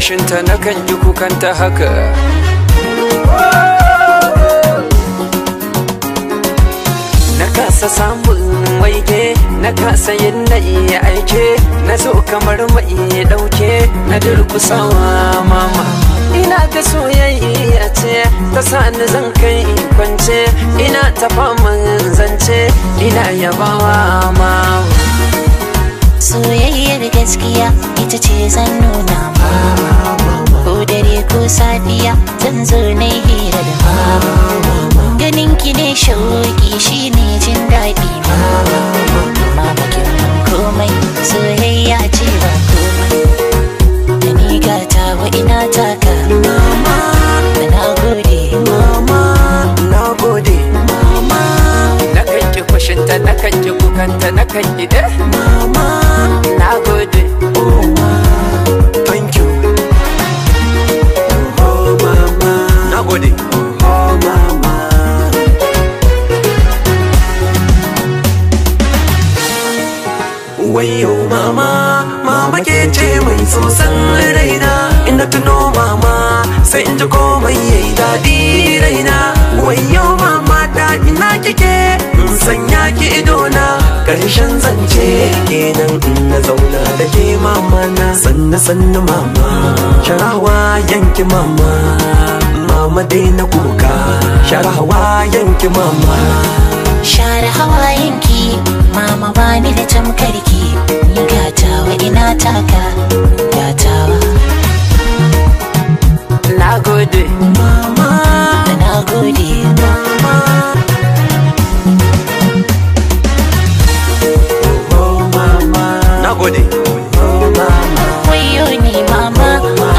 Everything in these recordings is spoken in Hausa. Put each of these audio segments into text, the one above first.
fushinta na kan yi kukanta haka na kasa samun waige na kasa yin na iya aike na zo kamar mai dauke na durkusawa mama ina ta soyayya ce ta sani zan kai kwance ina ta faman zance ina yabawa mama soyayyar gaskiya ita ce zan nuna ma ko dare ko safiya zan zo na hira da ma ganin ki ne shauki shine jin daɗi ma mama nan komai soyayya ce ba komai da ni gata ina taka mama na gode kushinta na kan kukanta na kan mama wayo mama mama ke ce mai sosan raina ina tuno mama sai in ji komai yayi daɗi raina wayo mama da ina kike in sanya ki idona karshen zance kenan in na zauna da ke mama na sanna sanna mama sharawa yanki mama mama dai na kuka sharawa yanki mama share yanki. mama bani da tamkarki ni gatawa ina taka gatawa na gode mama na gode mama gode. mama, ni mama,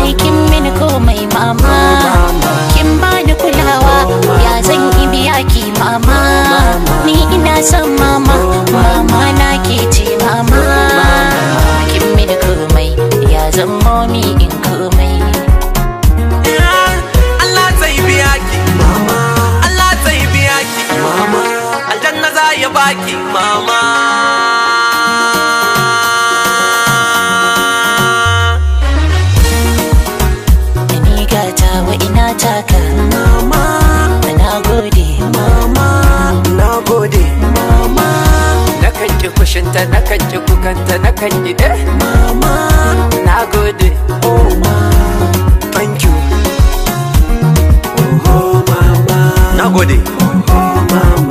aikin mini komai mama. ya baki mama da ina taka mama na gode mama kan kukanta na kan mama na gode oh ma thank you oh mama na gode oh mama